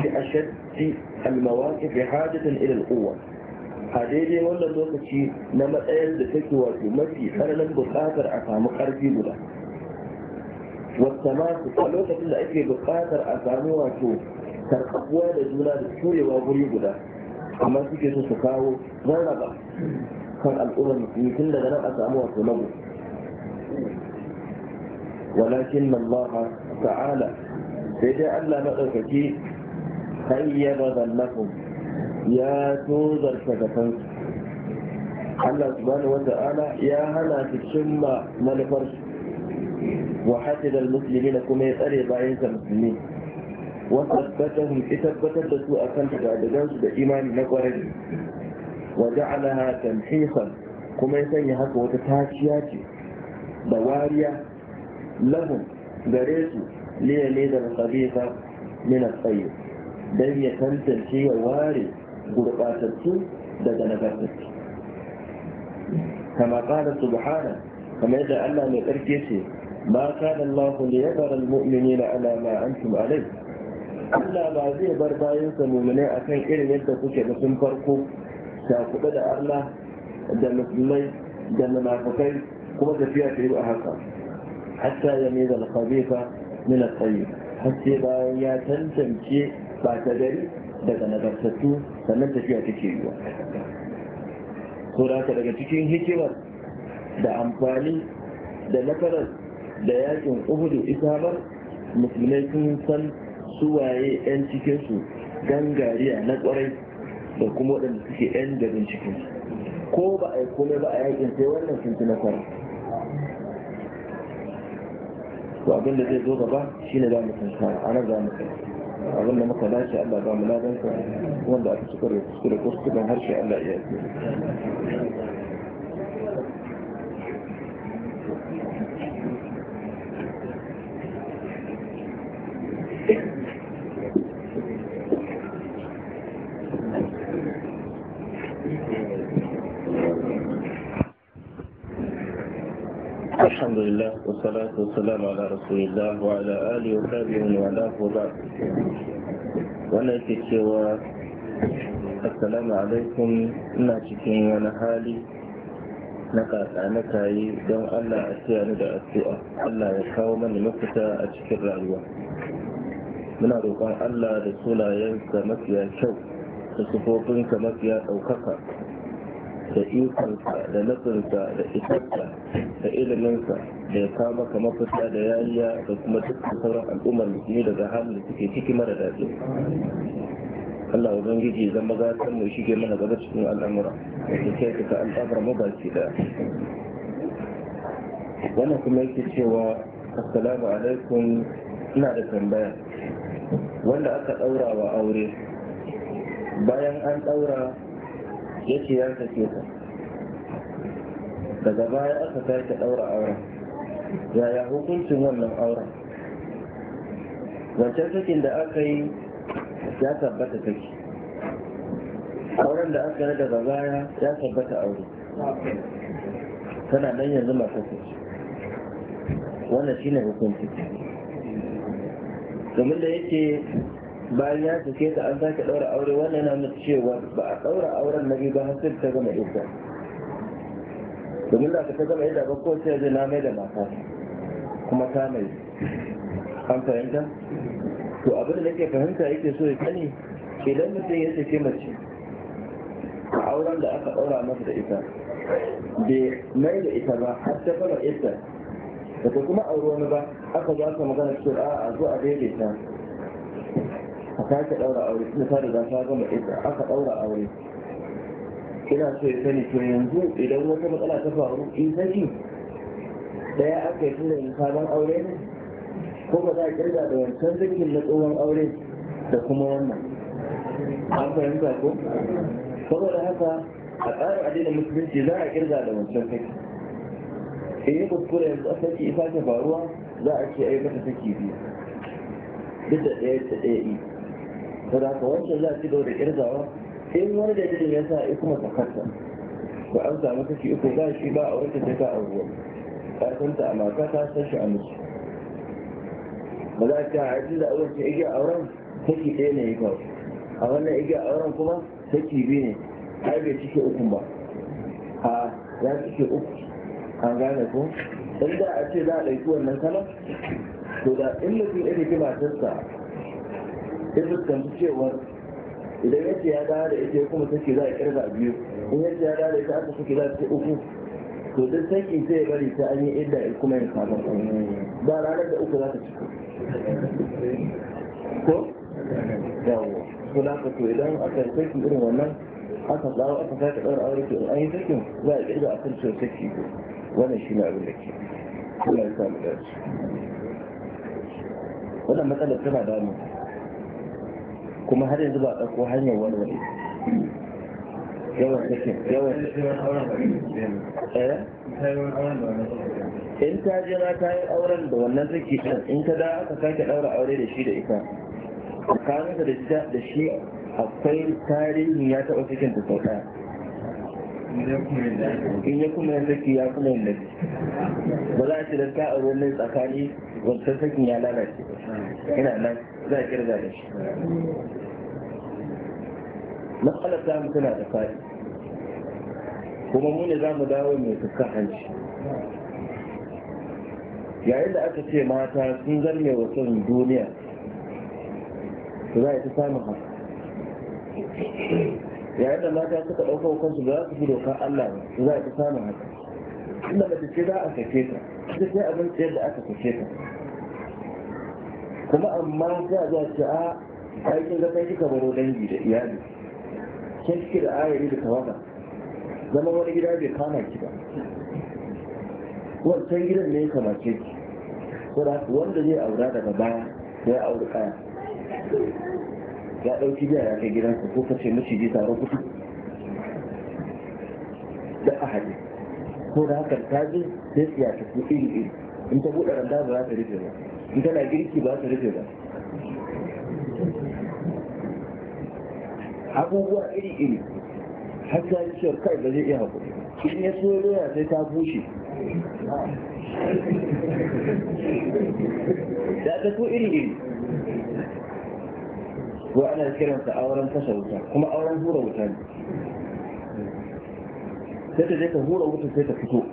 بأشد المواقف حاجة إلى القوة a daidai wannan lokaci na matsayar da take wato mafi tsananin buƙatar a samu ƙarfi guda wata su a lokacin da ake buƙatar a samu wato karkabuwa da juna da turewa guri guda amma suke so su kawo zarraba kan al'ummar musulmi tun daga nan a samu wato nago walakin Allah ta'ala sai dai Allah maɗaukaki hayyaba zallakun ya tozarta da kansu Allah ya hana su cimma manufarsu wa hasida al kuma ya tsare bayan sa musulmi wa tabbatahum tabbatar da su akan tagadagan su da imani na kwarai wa ja'alaha tamhisan kuma ya sanya haka wata tashiya ce da wariya لهم جريسوا ليليد الخبيثة من الطيب دي يتمثل شيء واري قرقاتك دجنبتك كما قال سبحانه كما يدى من مئركسي ما قال الله ليبر المؤمنين على ما أنتم عليه ألا ما ذي بربايوك المؤمناء كان إلي يدفك بسم فرقه سأقبل الله دم سمي دم معفكي قوة فيها في رؤها قاسم hatta ya mai da alkhabifa min al haske bayan ya tantance ba ta gari daga nagartattu sannan tafiya take yiwa ko daga cikin hikimar da amfani da nasarar da yakin uhudu isabar musulmai sun san suwaye 'yan cikinsu gangariya na kwarai da kuma waɗanda suke 'yan garin ciki ko ba a yi komai ba a yakin sai wannan sun ci nasara to abin da zai zo gaba shi ne mu tantara a nan zamu mu abin da muka dace Allah ba mu ladan wanda aka cikar da kuskure har harshe Allah ya yi الحمد لله والصلاة والسلام على رسول الله وعلى آله وصحبه ومن والاه وبعد wannan yake cewa assalamu alaikum ina cikin wani hali na kasa na kayi don allah a da addu'a allah ya kawo mani mafita a cikin rayuwa muna roƙon allah da sunayensa mafiya kyau da sufofinsa mafiya ɗaukaka da ikonsa da nasinsa da isarsa da iliminsa da ya kawo maka mafita da yariya da kuma dukkan sauran al'ummar musulmi daga halin da suke ciki mara daɗi Allah Ubangiji zan maza san mu shige mana gaba cikin al'amura da ke kai ka al'amura mabaki da wannan kuma yake cewa assalamu alaikum ina da tambaya wanda aka ɗaura wa aure bayan an ɗaura ya ce ya sake ta daga baya aka sake ɗaura auren yaya hukuncin wannan auren wancan sakin da aka yi ya tabbata take auren da aka yi daga baya ya tabbata aure tana nan yanzu masu kuci wannan shine hukuncin domin da yake bayan ya sake ta an sake ɗaura aure wannan na nuna cewa ba a ɗaura auren na ba har sai ta gama idda domin da ta gama idda ba ko sai zai na mai da mata kuma ta mai an fahimta to abin da nake fahimta yake so ya sani idan mutum ya sake mace a auren da aka daura masa da ita bai mai da ita ba har ta gama idda da kuma auri wani ba aka za ka magana cewa a zo a daidaita sake ɗaura aure tun ta riga ta gama ita aka ɗaura aure ina so ya sani to yanzu idan wata matsala ta faru in saki ɗaya aka yi tun da sabon aure ne ko ba za a kirga da wancan zikin na tsohon aure da kuma wannan an fahimta ko saboda haka a tsarin addinin musulunci za a kirga da wancan saki in yi kuskure yanzu a saki isa ta faruwa za a ce a yi mata saki biyu duk da ɗaya da ɗaya ko da haka wancan za a ci gaba da kirgawa in wani dalilin ya sa ya kuma sakarta ko an samu kashi uku ba shi ba a wata sai ka abuwa ka san ta a mata ka san shi a miji ba za ka haɗu da auren ce igiya auren saki ɗaya ne ya kawo a wannan igiya auren kuma saki biyu ne har bai cike uku ba a ya cike uku an gane ko in da a ce za a ɗauki wannan kalan to da in mutum ya rike matarsa sai fuskanci cewa idan ya ce ya dawo da ita kuma take za a kirga biyu in ya ce ya dawo da ita aka take za a ta uku to duk saki sai ya bari ta an yi idda kuma yin sabon ba ranar da uku za ta ciko ko yawo ko da ka to idan aka yi saki irin wannan aka dawo aka sake ɗaura aure to in an yi sakin za a kirga a kan cewa saki wannan shi ne abin da ke Allah ya samun dace wannan matsalar tana damu kuma har yanzu ba a ɗauko hanyar warware yawan sakin yawan eh? in ta je na ta yi auren da wannan saki ɗin in ta da aka sake ɗaura aure da shi da ita tsakaninta da shi akwai tarihin ya taɓa cikin ta sau ɗaya in ya kuma saki ya kuma yin laki ba za a ce da ka a ruwan tsakani wancan sakin ya lalace ina nan za a kirga da shi matsalar ta mu tana da fadi kuma mu ne za mu dawo mai fuskan hanci yayin da aka ce mata sun zanne wa son duniya za a ta samun haka yayin da mata suka ɗauka kansu ba za su bi dokar Allah ba za a ci samun haka inda mace ce za a sake ta ita ce abin tsayar da aka sake ta kuma amma za a ce a aikin ga sai kika baro dangi da iyali kin kike da ayari da tawaga zama wani gida bai kama ki ba wancan gidan ne ya kamace ki wanda zai aura daga baya ya auri kaya ya ɗauki biya ya kai gidansa ko ka ce ji taron kuɗi da ahadi ko da haka ta ji sai tsiya ta ku iri iri in ta buɗe randa ba za ta rufe ba in tana girki ba za ta rufe ba abubuwa iri iri har ta yi ciwon kai ba zai iya haƙuri in ya so doya sai ta bushe ya ta ko iri iri وأنا الكلمة أولاً فشلتها هم أولاً هورة وتان تتجيك هورة وتفيت الفتوء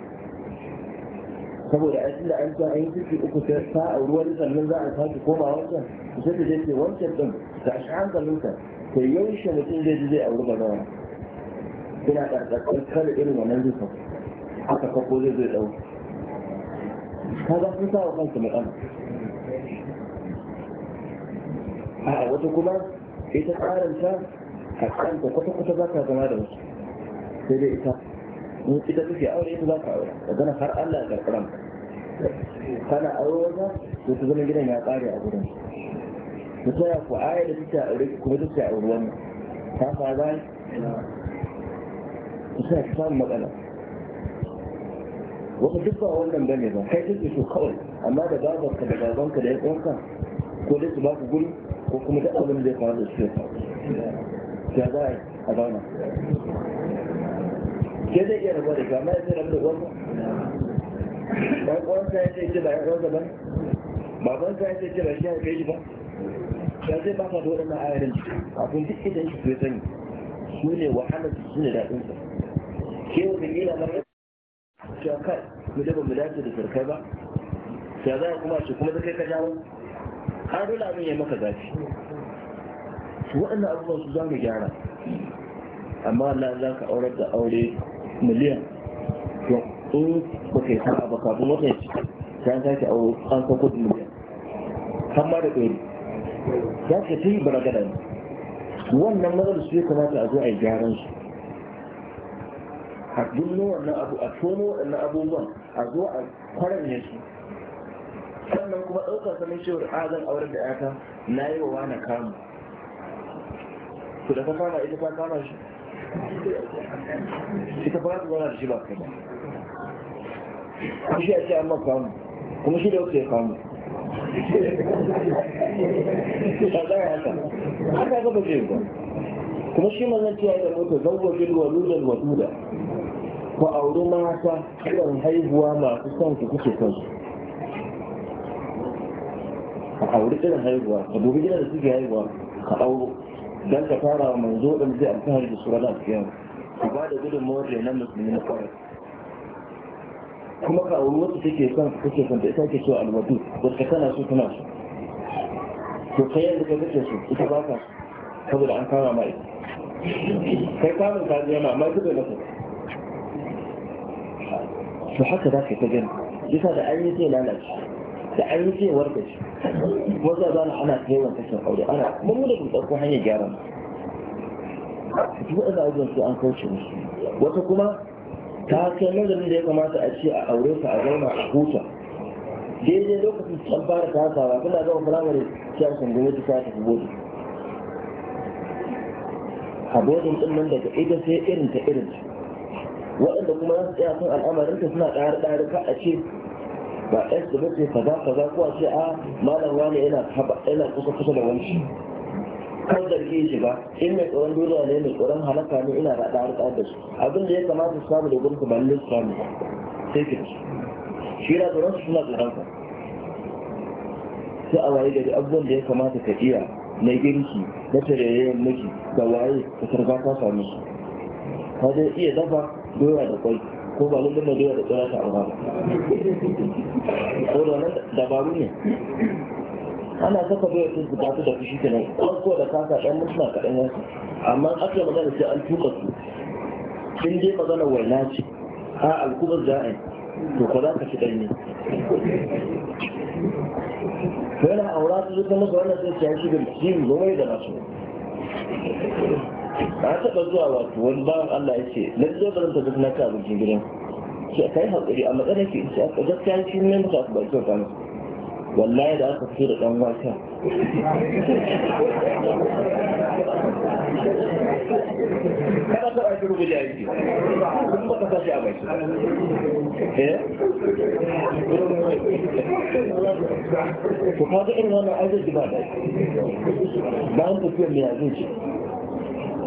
فبقى أجل أنت أين تكي أكتا فاء الوالدة من ذا عن فاتك وما وانتا تتجيك وانتا الدم تأشعان ظلوتا في يوشا متين جي جي جي أولاً دوان بنا تأتك أكتال إلو من ذي فاتك حتى قبولي ذي الأول هذا فتاء وقلت من أمر a wata kuma ita tsarinta a tsaranta kwata-kwata za ka zama da wasu sai dai ita in ita kake aure ita za ka aure magana har Allah ya karɓaran kana aure wata to ta zama gidan ya ƙare a gurin ta tsaya ku aya da take aure kuma ta tsaya aure wannan ta fara ta tsaya ta samu matsala wata duk ba wannan bane ba kai kake so kawai amma da babanka da babanka da ya ɗauka ko dai su ba ku guri ko kuma ta abin da ya faru da su ya faru ya za a zauna ke zai iya rabuwa da shi ya zai rabu da uwansa ba uwansa ya ce kira ya uwansa ba babansa ya ce kira shi ya kai shi ba ya zai ba ka da waɗannan ayarin abin duk idan shi zai sani su ne wahalar su ne daɗinsa ke wa ƙila mara cewa kai mu da ba mu dace da sarkai ba ya za a kuma ce kuma zai kai ka jawo An rula abin ya maka zafi su waɗannan abubuwan su za mu gyara amma Allah za ka aurar da aure miliyan in ba ka yi sa'a ba kafin wata ya ci ta sake aure an san kudin miliyan har ma da ɗori za ka ta yi baragada ne wannan matsalar su ya kamata a zo a yi gyaran su a dunno wannan abu a tono wannan abubuwan a zo a kwaranye su sannan kuma ɗaukar sa ne cewar auren da yata na yi wa na kamu to da ka kama ita ka kama shi ita ba ta zauna da shi ba kai ba kuma shi a ce an ma kamu kuma shi da wasu ya kamu ta tsaya haka haka ga ba ba kuma shi manzan ciya da mota zawwajin waludan waduda ku auri mata irin haihuwa masu son ku kuke son su a wuri irin haihuwa ka dubi gidan da suke haihuwa ka auro don ka tara wa manzo ɗin zai alfahari da sura lafiya ku ba da gudunmawar da na musulmi na kwarai kuma ka auri wacce take son kake son da ita ke so alwadu wacce kana so tana so to kai yanzu ka kake so ita ba ka saboda an kama ma ita kai kamun ka zama amma ita bai masa to haka za ka ta gani bisa da an yi sai lalace da abinci ya warke shi maza za na ana yawan kashin aure ana mun mu da mu ɗauko hanyar gyara su waɗanda abubuwan su an kauce musu wata kuma ta kai nazarin da ya kamata a ce a aure ta a zauna a huta daidai lokacin su an fara kasawa tana zama firamare sai an sangome ta ta tafi bodu a bodin ɗin nan daga ita sai irin ta irin waɗanda kuma za su tsaya kan al'amarinta suna ɗari ɗari ka a ce ba ɗan su za kaza kaza kuwa ce a ah, malam wani yana yana kusa kusa da wani kan zargi shi ba in mai tsoron duniya ne mai tsoron halaka ne ina raɗa harka da su abin da ya kamata su samu da gurin ku balle su samu sai ki shi na tsoron su suna tsoron ka sai a waye gari abubuwan da ya kamata ka iya na girki na tarayyar miji da waye ka tarba ka samu su ka zai iya dafa doya da kwai ko ba lallai na da tsara ta aura ba ko da nan dabaru ne ana saka doya sun su tafi da fushi kenan farko da kasa ɗan mutuna kaɗan yansu amma aka yi magana sai an tuka su sun dai magana waina ce a alkubar za'in to ko za ka ci ɗanye yana aura su zuka masa wannan sai su yanki da jiri gomai da nasu Ba a taɓa zuwa wato wani bawan Allah ya ce na ba zan tafi na ka abincin gidan sai kai haƙuri a matsalar ki sai aka gaskiya shi ne muka ba ki kan wallahi da aka fi da dan wata kada ka aiki rubuta aiki kuma ba ka sashi a bai eh ko ka ga irin wannan aiki ba da mu tafiya mai yanzu ce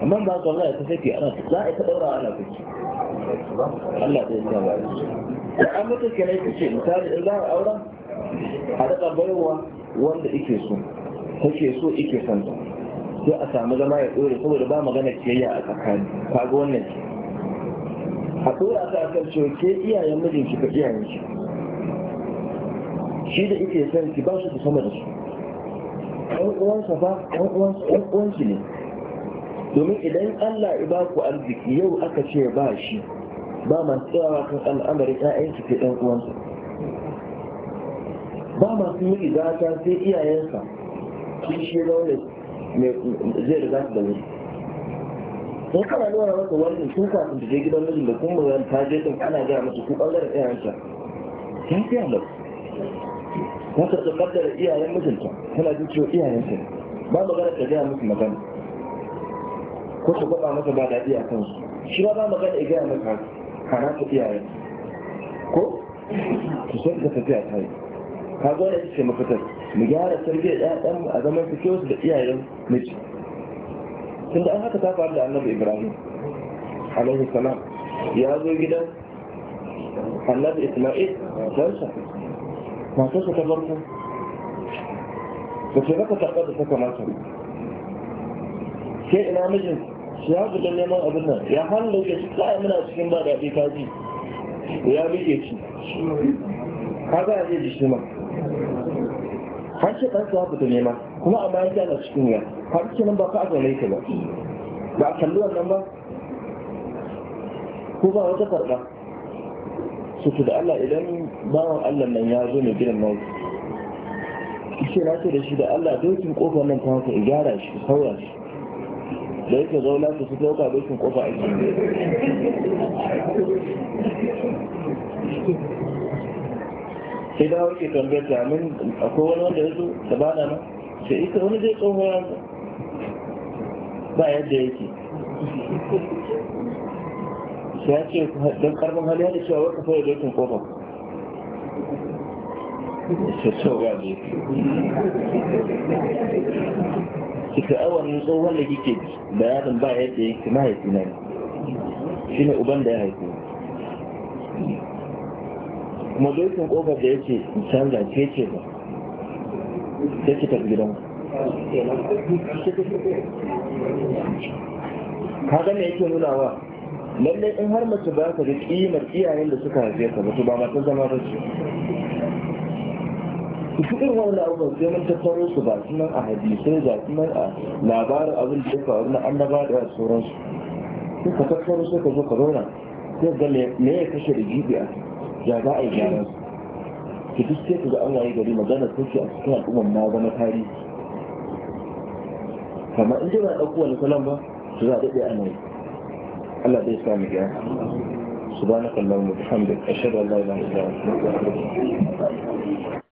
amma ba ka za a ta a ana za a ta daura ana sake Allah zai sa ba da an mutu kenan ita ce misali in za a aura a daga baiwa wanda ike so take so ike son ta sai a samu zama ya dore saboda ba magana yi a tsakani kaga wannan ce a dora ta kan cewa ke iyayen mijinki ka iyayen shi shi da ike son ki ba su ku sama da su ɗan uwansa ba ɗan uwansa ne domin idan Allah ya baku arziki yau aka ce ba shi ba masu tsawa kan al'amarin ƴaƴan ki ɗan uwansa ba masu yi ta sai iyayensa sun shi raune zai riga su da wuri sai kana nuna masa wannan tun kafin da je gidan mijin da kuma zan ta je din ana gaya masa ku ɓangaren ƴaƴanta ta fi yalar ta karɓi ƙaddara iyayen mijinta tana jin ciwo iyayenta ba magana ta gaya musu magana ko ta gwada masa ba daɗi a kansu shi ba za mu gada igaya maka kana ta iyaye ko ku san ka tafi a yi ka zo da ce mafitar mu gyara tarbiyyar ƴaƴan a zaman su da iyayen miji da an haka ta faru da annabi ibrahim alaihi salam ya zo gidan annabi isma'il dansa matarsa ta farko ba ce baka taɓa da ta kamata sai ina mijin shi ya gudun neman abin nan ya hannu ya ci yi muna cikin ba daɗi kaji ya rike ci kaga ya zai ji shi ma har shi ɗan sa fita nema kuma a bayan yana cikin ya har shi nan ba ka azalai ka ba ba a kalli wannan ba ko ba wata karɓa su da Allah idan bawan Allah nan ya zo mai gidan mawuki ishe na ce da shi da Allah dokin kofar nan ta haka gyara shi saura shi da yake zauna su su dauka dokin kofa a cikin sai da wake tambayar ta min akwai wani wanda ya zo da ba na nan sai ita wani zai tsohon ya ba yadda yake sai ya ce don karfin hali ya da cewa wata kawai dokin kofa It's just kika ai wannan tsohon da kike bayanin ba yadda yake mahaifi na ne shi ne uban da ya haifi kuma dokin kofar da yake canza ke ce ba ya ki tafi gidan ka ga me yake nuna wa lallai in har mace ba ka da kimar iyayen da suka haife ka ba to ba matan zama ba ce ku fi irin wannan abubuwan sai mun tattaro su ba su nan a hadisai ga su nan a labarin abin da ya faru na annaba da sauransu sai ka tattaro sai ka zo ka zauna sai ga me ya kashe da jibi a ya za a yi gyaran su ki duk sai ku ga an waye gari magana sun ce a cikin al'ummar na zama tarihi kamar in ji ba ɗauko wani salon ba su za a daɗe a nan Allah zai sa mu gyara سبحانك اللهم وبحمدك أشهد أن لا إله إلا أنت